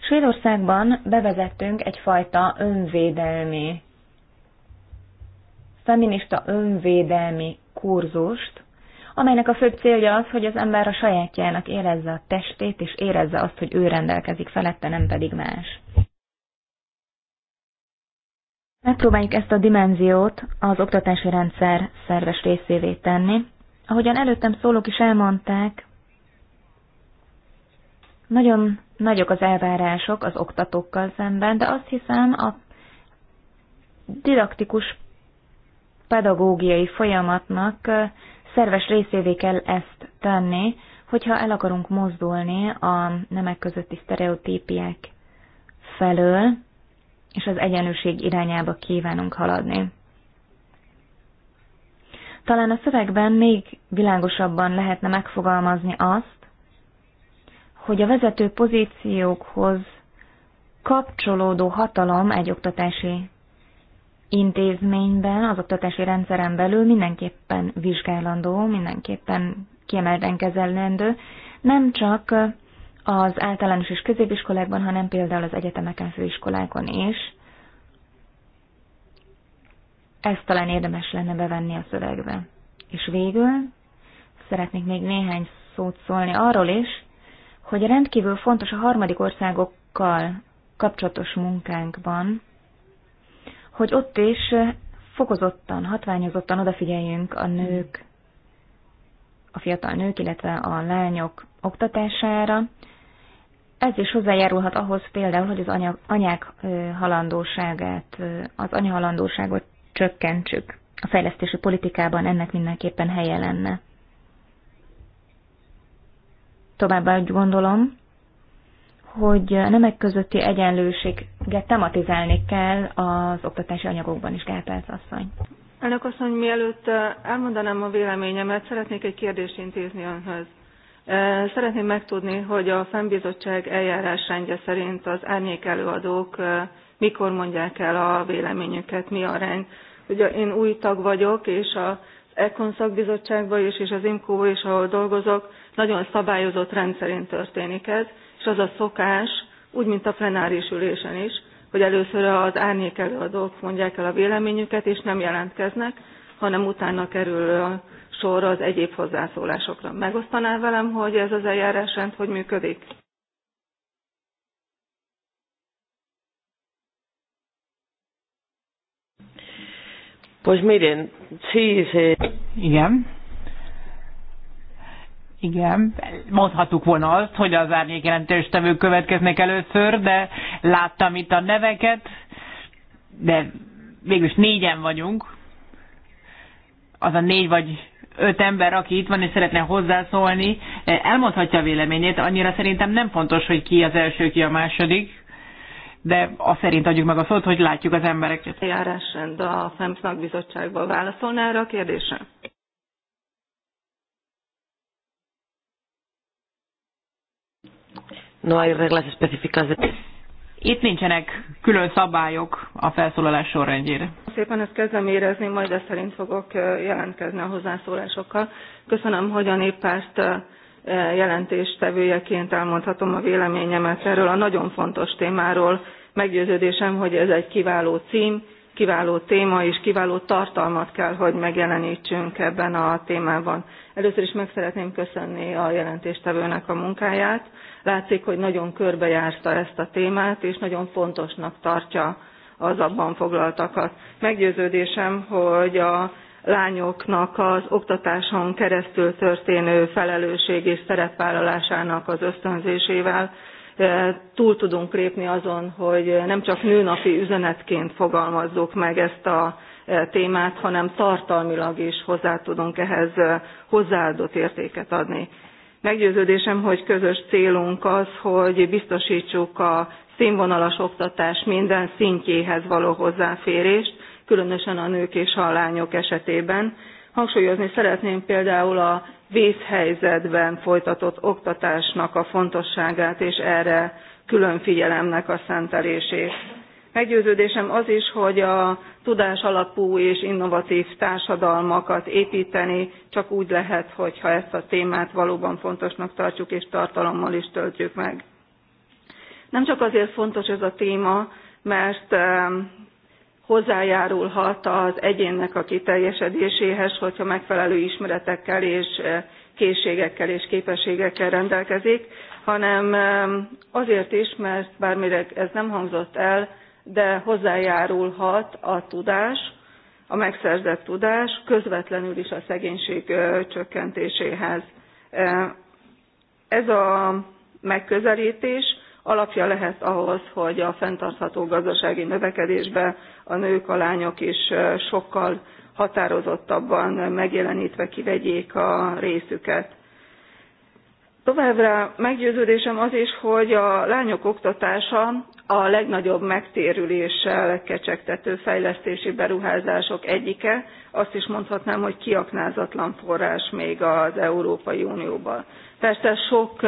Svédországban bevezettünk egyfajta önvédelmi feminista önvédelmi kurzust, amelynek a főbb célja az, hogy az ember a sajátjának érezze a testét, és érezze azt, hogy ő rendelkezik felette, nem pedig más. Megpróbáljuk ezt a dimenziót az oktatási rendszer szerves részévé tenni. Ahogyan előttem szólók is elmondták, nagyon nagyok az elvárások az oktatókkal szemben, de azt hiszem a didaktikus pedagógiai folyamatnak szerves részévé kell ezt tenni, hogyha el akarunk mozdulni a nemek közötti sztereotípiek felől, és az egyenlőség irányába kívánunk haladni. Talán a szövegben még világosabban lehetne megfogalmazni azt, hogy a vezető pozíciókhoz kapcsolódó hatalom egy oktatási intézményben, az oktatási rendszeren belül mindenképpen vizsgálandó, mindenképpen kiemelten kezelendő, nem csak az általános és középiskolákban, hanem például az egyetemeken, főiskolákon is. Ezt talán érdemes lenne bevenni a szövegbe. És végül szeretnék még néhány szót szólni arról is, hogy rendkívül fontos a harmadik országokkal kapcsolatos munkánkban, hogy ott is fokozottan, hatványozottan odafigyeljünk a nők, a fiatal nők, illetve a lányok oktatására. Ez is hozzájárulhat ahhoz például, hogy az anya, anyák halandóságát, az anyahalandóságot csökkentsük. A fejlesztési politikában ennek mindenképpen helye lenne. Továbbá úgy gondolom, hogy nemek közötti egyenlőséget tematizálni kell az oktatási anyagokban is, Gálpelc asszony. Elnök asszony, mielőtt elmondanám a véleményemet, szeretnék egy kérdést intézni önhöz. Szeretném megtudni, hogy a fennbizottság eljárásrendje szerint az árnyék előadók mikor mondják el a véleményüket, mi a rend. Ugye én új tag vagyok, és a ECON szakbizottságban is, és az imco is, ahol dolgozok, nagyon szabályozott rendszerint történik ez és az a szokás úgy mint a plenáris ülésen is hogy először az árnyék előadók mondják el a véleményüket és nem jelentkeznek hanem utána kerül sor az egyéb hozzászólásokra. megosztaná velem hogy ez az eljárásrend hogy működik? Pues miren, sí, sí. Igen. Igen, mondhattuk volna azt, hogy az árnyék jelentéstevők következnek először, de láttam itt a neveket, de végülis négyen vagyunk. Az a négy vagy öt ember, aki itt van és szeretne hozzászólni, elmondhatja a véleményét, annyira szerintem nem fontos, hogy ki az első, ki a második, de azt szerint adjuk meg a szót, hogy látjuk az embereket. Járásrend a FEMSZ bizottságban válaszolná erre a kérdésre? No hay reglas específicas. De... Itt nincsenek külön szabályok a felszólalás sorrendjére. Szépen ezt kezdem érezni, majd ezt szerint fogok jelentkezni a hozzászólásokkal. Köszönöm, hogy a néppárt jelentéstevőjeként elmondhatom a véleményemet erről a nagyon fontos témáról. Meggyőződésem, hogy ez egy kiváló cím, kiváló téma és kiváló tartalmat kell hogy megjelentsünk ebben a témában. először is meg szeretném köszönni a jelentéstevőnek a munkáját látszik hogy nagyon körbejárta ezt a témát és nagyon fontosnak tartja az abban foglaltakat. meggyőződésem hogy a lányoknak az oktatáson keresztül történő felelősség és szerepvállalásának az ösztönzésével túl tudunk lépni azon hogy nem csak nőnapi üzenetként fogalmazzuk meg ezt a témát hanem tartalmilag is hozzá tudunk ehhez hozzáadott értéket adni. meggyőződésem hogy közös célunk az hogy biztosítsuk a színvonalas oktatás minden szintjéhez való hozzáférést különösen a nők és a lányok esetében. hangsúlyozni szeretném például a vészhelyzetben folytatott oktatásnak a fontosságát és erre külön figyelemnek a szentelését. meggyőződésem az is hogy a tudásalapú és innovatív társadalmakat építeni csak úgy lehet hogyha ezt a témát valóban fontosnak tartjuk és tartalommal is töltjük meg. nem csak azért fontos ez a téma mert hozzájárulhat az egyénnek a kiteljesedéséhez hogyha megfelelő ismeretekkel és eh, készségekkel és képességekkel rendelkezik hanem eh, azért is mert bármire ez nem hangzott el de hozzájárulhat a tudás a megszerzett tudás közvetlenül is a szegénység eh, csökkentéséhez. ez a megközelítés alapja lehet ahhoz hogy a fenntartható gazdasági növekedésbe a nők a lányok is sokkal határozottabban megjelenítve kivegyék a részüket. Továbbra meggyőződésem az is, hogy a lányok oktatása a legnagyobb megtérüléssel kecsegtető fejlesztési beruházások egyike, azt is mondhatnám, hogy kiaknázatlan forrás még az Európai Unióban. Persze sok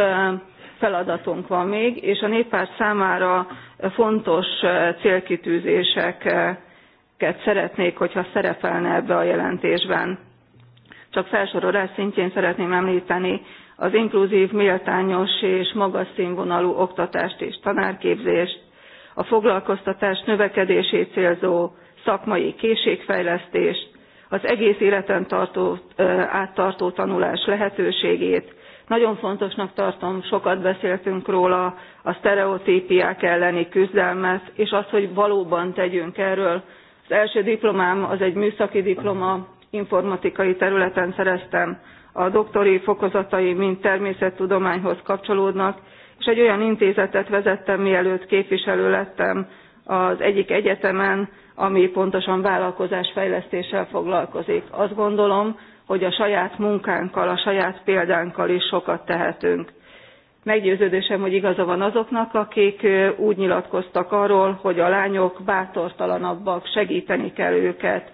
feladatunk van még, és a néppárt számára fontos eh, célkitűzéseket szeretnék, hogyha szerepelne ebbe a jelentésben. Csak felsorolás szintjén szeretném említeni az inkluzív, méltányos és magas színvonalú oktatást és tanárképzést, a foglalkoztatás növekedését célzó szakmai készségfejlesztést, az egész életen tartó, eh, áttartó tanulás lehetőségét, nagyon fontosnak tartom sokat beszéltünk róla a sztereotípiák elleni küzdelmet és azt hogy valóban tegyünk erről. az első diplomám az egy műszaki diploma informatikai területen szereztem a doktori fokozatai mind természettudományhoz kapcsolódnak és egy olyan intézetet vezettem mielőtt képviselő lettem az egyik egyetemen ami pontosan vállalkozásfejlesztéssel foglalkozik. azt gondolom hogy a saját munkánkkal a saját példánkkal is sokat tehetünk. meggyőződésem hogy igaza van azoknak akik úgy nyilatkoztak arról hogy a lányok bátortalanabbak segteni kell őket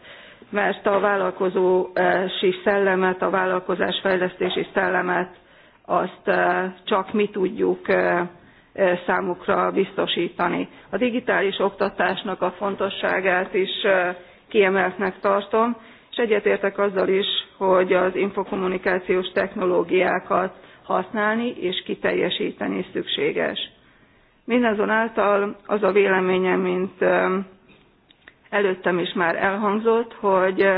mert a vállalkozási szellemet a vállalkozásfejlesztési szellemet azt csak mi tudjuk számukra biztosítani. a digitális oktatásnak a fontosságát is kiemeltnek tartom és egyetértek azzal is hogy az infokommunikációs technológiákat használni és kiteljesíteni szükséges. mindazonáltal az a véleményem mint előttem is már elhangzott hogy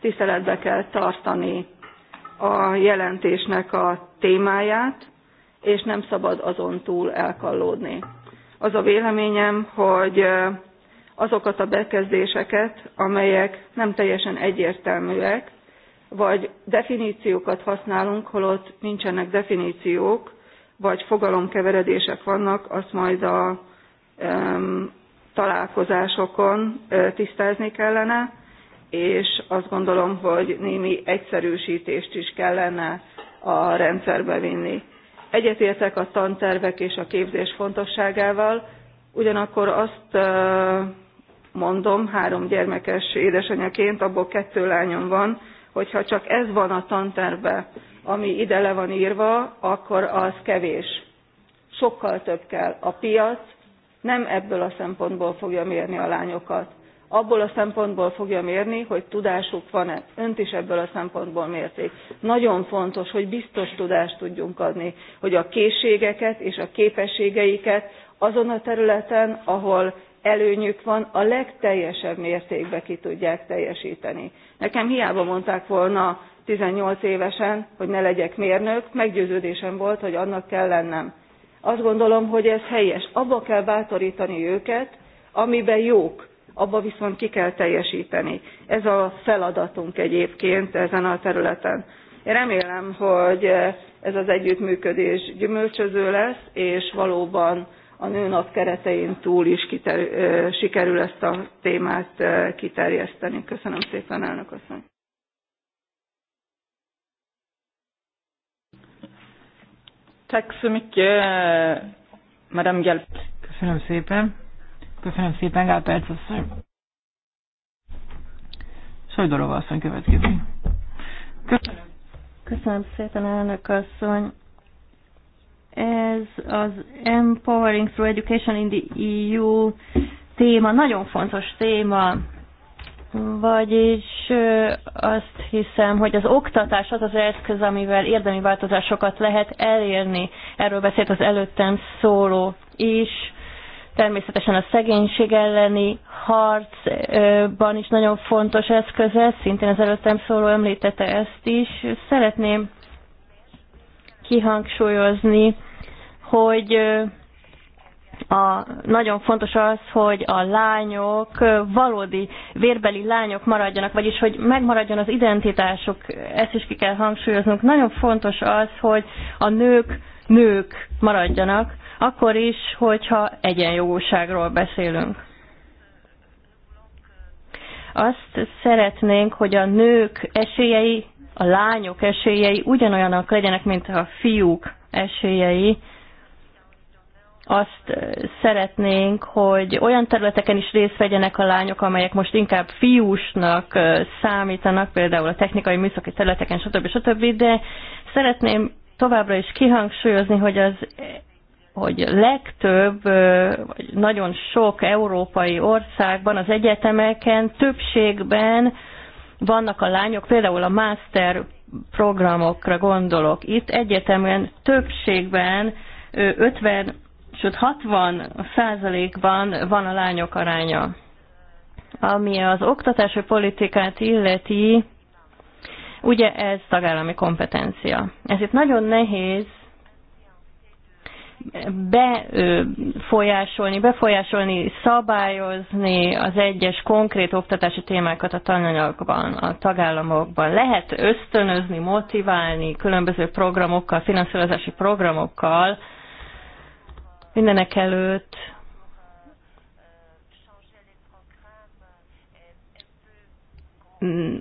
tiszteletbe kell tartani a jelentésnek a témáját és nem szabad azon túl elkallódni. Az a véleményem, hogy azokat a bekezdéseket, amelyek nem teljesen egyértelműek, vagy definíciókat használunk, holott nincsenek definíciók, vagy fogalomkeveredések vannak, azt majd a um, találkozásokon uh, tisztázni kellene, és azt gondolom, hogy némi egyszerűsítést is kellene a rendszerbe vinni. Egyetértek a tantervek és a képzés fontosságával, ugyanakkor azt mondom három gyermekes édesanyaként, abból kettő lányom van, hogyha csak ez van a tanterve, ami ide le van írva, akkor az kevés. Sokkal több kell. A piac nem ebből a szempontból fogja mérni a lányokat abból a szempontból fogja mérni hogy tudásuk van e önt is ebből a szempontból mérték. nagyon fontos hogy biztos tudást tudjunk adni hogy a készségeket és a képességeiket azon a területen ahol előnyük van a legteljesebb mértékben ki tudják teljesteni. nekem hiába mondták volna eighteen évesen hogy ne legyek mérnök meggyőződésem volt hogy annak kell lennem. azt gondolom hogy ez helyes abba kell bátortani őket amiben jók abba viszont ki kell teljesteni. ez a feladatunk egyébként ezen a területen. én remélem hogy ez az együttműködés gyümölcsöző lesz és valóban a nőnap keretein túl is kiter, sikerül ezt a témát kiterjeszteni. Köszönöm szépen, elnök asszony! Eh, Madame Köszönöm szépen. Köszönöm szépen, Gál Perc Sajdorova asszony következik. Köszönöm. Köszönöm szépen, elnök asszony. Ez az Empowering Through Education in the EU téma, nagyon fontos téma, vagyis azt hiszem, hogy az oktatás az az eszköz, amivel érdemi változásokat lehet elérni. Erről beszélt az előttem szóló is Természetesen a szegénység elleni harcban is nagyon fontos eszköz ez, szintén az előttem szóló említette ezt is. Szeretném kihangsúlyozni, hogy a, nagyon fontos az, hogy a lányok valódi vérbeli lányok maradjanak, vagyis hogy megmaradjon az identitásuk, ezt is ki kell hangsúlyoznunk. Nagyon fontos az, hogy a nők nők maradjanak, akkor is, hogyha egyenjogúságról beszélünk. Azt szeretnénk, hogy a nők esélyei, a lányok esélyei ugyanolyanak legyenek, mint a fiúk esélyei. Azt szeretnénk, hogy olyan területeken is részt vegyenek a lányok, amelyek most inkább fiúsnak számítanak, például a technikai műszaki területeken, stb. stb. De szeretném továbbra is kihangsúlyozni, hogy az hogy legtöbb, vagy nagyon sok európai országban az egyetemeken többségben vannak a lányok, például a master programokra gondolok. Itt egyetemen többségben 50, sőt 60 százalékban van a lányok aránya. Ami az oktatási politikát illeti, ugye ez tagállami kompetencia. Ezért nagyon nehéz befolyásolni, befolyásolni, szabályozni az egyes konkrét oktatási témákat a tananyagban, a tagállamokban. Lehet ösztönözni, motiválni különböző programokkal, finanszírozási programokkal, mindenek előtt mm,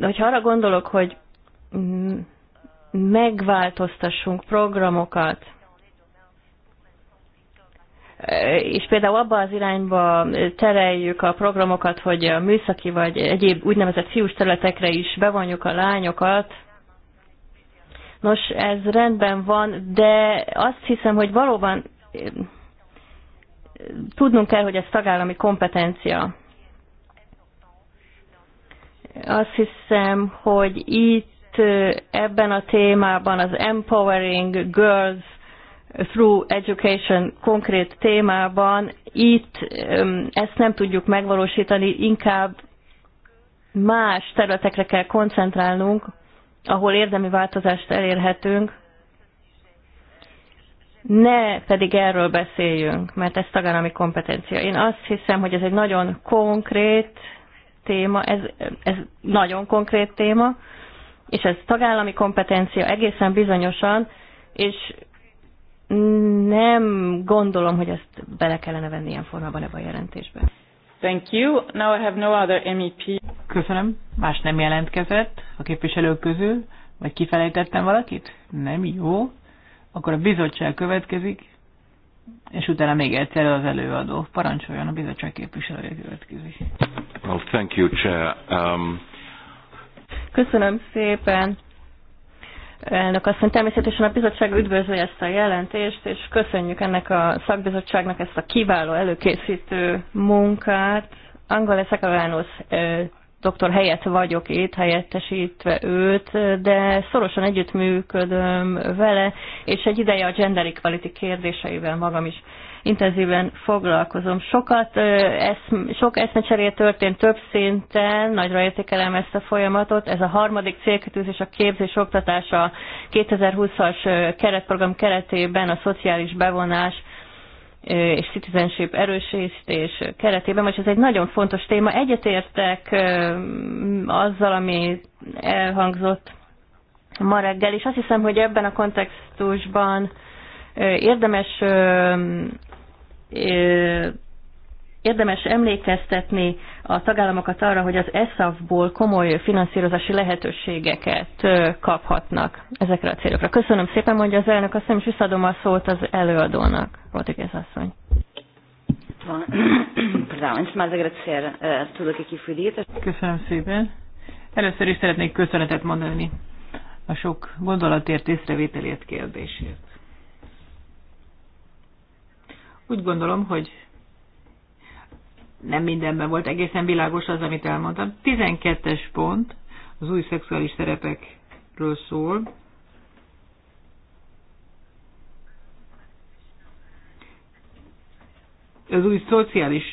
hogyha arra gondolok, hogy mm, megváltoztassunk programokat, és például abba az irányba tereljük a programokat, hogy a műszaki vagy egyéb úgynevezett fiús területekre is bevonjuk a lányokat, Nos, ez rendben van, de azt hiszem, hogy valóban eh, tudnunk kell, hogy ez tagállami kompetencia. Azt hiszem, hogy itt eh, ebben a témában az Empowering Girls through education konkrét témában. Itt ezt nem tudjuk megvalósítani, inkább más területekre kell koncentrálnunk, ahol érdemi változást elérhetünk, ne pedig erről beszéljünk, mert ez tagállami kompetencia. Én azt hiszem, hogy ez egy nagyon konkrét téma, ez, ez nagyon konkrét téma, és ez tagállami kompetencia egészen bizonyosan, és nem gondolom, hogy ezt bele kellene venni ilyen formában ebbe a jelentésbe. Thank you. Now I have no other MEP. Köszönöm. Más nem jelentkezett a képviselők közül, vagy kifelejtettem valakit? Nem jó. Akkor a bizottság következik, és utána még egyszer az előadó. Parancsoljon, a bizottság képviselője következik. Well, thank you, Chair. Um... Köszönöm szépen. Elnök asszony, természetesen a bizottság üdvözli ezt a jelentést, és köszönjük ennek a szakbizottságnak ezt a kiváló előkészítő munkát. Angole Szekaránusz doktor helyett vagyok itt, helyettesítve őt, de szorosan együttműködöm vele, és egy ideje a gender equality kérdéseivel magam is intenzíven foglalkozom. Sokat, esz, sok eszmecseré történt több szinten, nagyra értékelem ezt a folyamatot. Ez a harmadik célkötőzés a képzés oktatása 2020-as keretprogram keretében a szociális bevonás és citizenship erősítés keretében, most ez egy nagyon fontos téma. Egyetértek azzal, ami elhangzott ma reggel, és azt hiszem, hogy ebben a kontextusban érdemes érdemes emlékeztetni a tagállamokat arra, hogy az eszav ból komoly finanszírozási lehetőségeket kaphatnak ezekre a célokra. Köszönöm szépen, mondja az elnök, aztán is visszadom a szót az előadónak, Rodriguez asszony. Eh, Köszönöm szépen. Először is szeretnék köszönetet mondani a sok gondolatért, észrevételért, kérdésért. Úgy gondolom, hogy nem mindenben volt egészen világos az, amit elmondtam. 12-es pont az új szexuális szerepekről szól. Az új szociális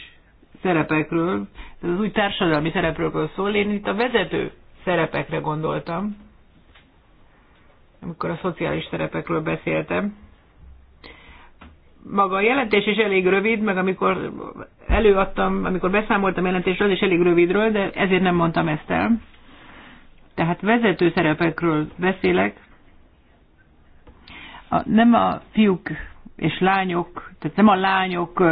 szerepekről, az új társadalmi szerepről szól. Én itt a vezető szerepekre gondoltam, amikor a szociális szerepekről beszéltem maga a jelentés is elég rövid, meg amikor előadtam, amikor beszámoltam jelentésről, az is elég rövidről, de ezért nem mondtam ezt el. Tehát vezető szerepekről beszélek. A, nem a fiúk és lányok, tehát nem a lányok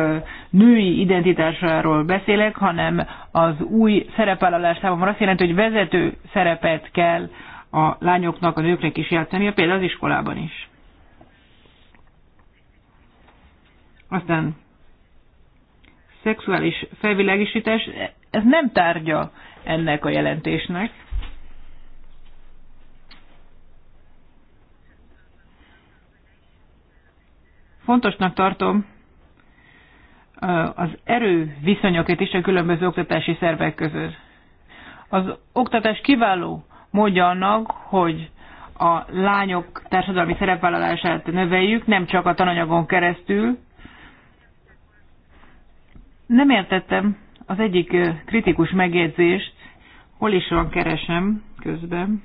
női identitásáról beszélek, hanem az új szerepvállalás számomra azt jelenti, hogy vezető szerepet kell a lányoknak, a nőknek is játszani, például az iskolában is. Aztán szexuális felvilágisítás, ez nem tárgya ennek a jelentésnek. Fontosnak tartom az erő viszonyokat is a különböző oktatási szervek között. Az oktatás kiváló módja annak, hogy a lányok társadalmi szerepvállalását növeljük, nem csak a tananyagon keresztül, nem értettem az egyik kritikus megjegyzést, hol is van keresem közben.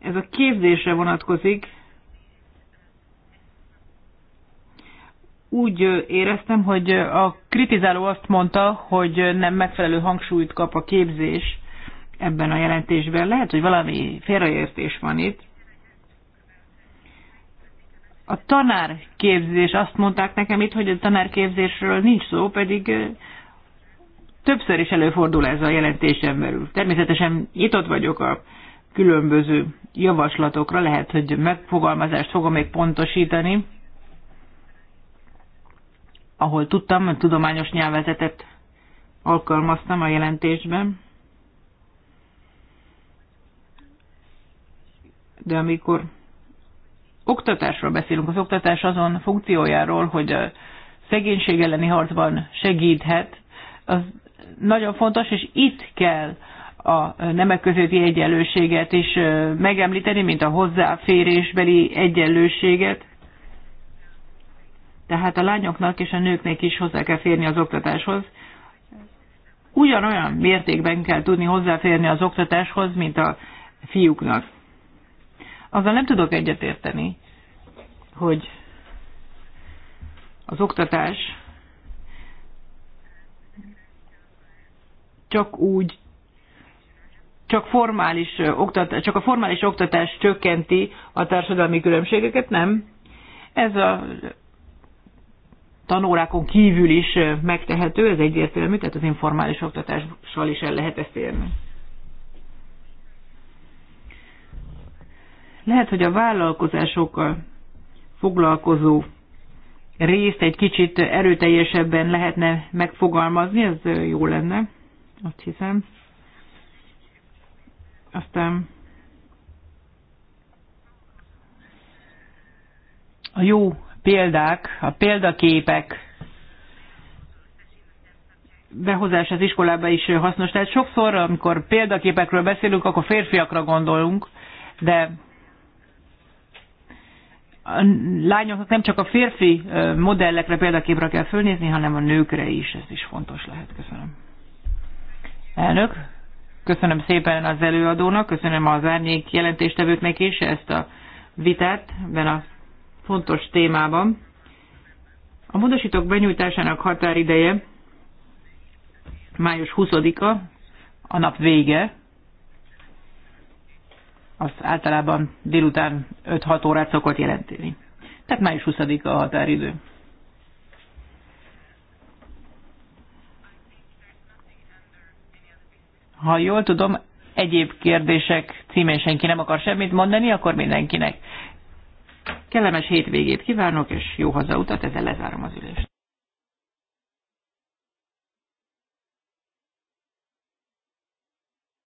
Ez a képzésre vonatkozik. Úgy éreztem, hogy a kritizáló azt mondta, hogy nem megfelelő hangsúlyt kap a képzés ebben a jelentésben. Lehet, hogy valami félreértés van itt. A tanárképzés, azt mondták nekem itt, hogy a tanárképzésről nincs szó, pedig többször is előfordul ez a jelentésen belül. Természetesen nyitott vagyok a különböző javaslatokra, lehet, hogy megfogalmazást fogom még pontosítani, ahol tudtam, a tudományos nyelvezetet alkalmaztam a jelentésben. De amikor oktatásról beszélünk, az oktatás azon funkciójáról, hogy a szegénység elleni harcban segíthet, az nagyon fontos, és itt kell a nemek közötti egyenlőséget is megemlíteni, mint a hozzáférésbeli egyenlőséget. Tehát a lányoknak és a nőknek is hozzá kell férni az oktatáshoz. Ugyanolyan mértékben kell tudni hozzáférni az oktatáshoz, mint a fiúknak azzal nem tudok egyetérteni, hogy az oktatás csak úgy, csak, formális oktatás, csak a formális oktatás csökkenti a társadalmi különbségeket, nem. Ez a tanórákon kívül is megtehető, ez egyértelmű, tehát az informális oktatással is el lehet ezt érni. Lehet, hogy a vállalkozásokkal foglalkozó részt egy kicsit erőteljesebben lehetne megfogalmazni, ez jó lenne, azt hiszem. Aztán a jó példák, a példaképek behozás az iskolába is hasznos. Tehát sokszor, amikor példaképekről beszélünk, akkor férfiakra gondolunk, de a lányoknak nem csak a férfi modellekre példaképre kell fölnézni, hanem a nőkre is, ez is fontos lehet. Köszönöm. Elnök, köszönöm szépen az előadónak, köszönöm az árnyék jelentéstevőknek is ezt a vitát ebben a fontos témában. A módosítók benyújtásának határideje május 20-a, a nap vége, az általában délután 5-6 órát szokott jelenteni. Tehát május 20-a határidő. Ha jól tudom, egyéb kérdések címén senki nem akar semmit mondani, akkor mindenkinek. Kellemes hétvégét kívánok, és jó hazautat, ezzel lezárom az ülést.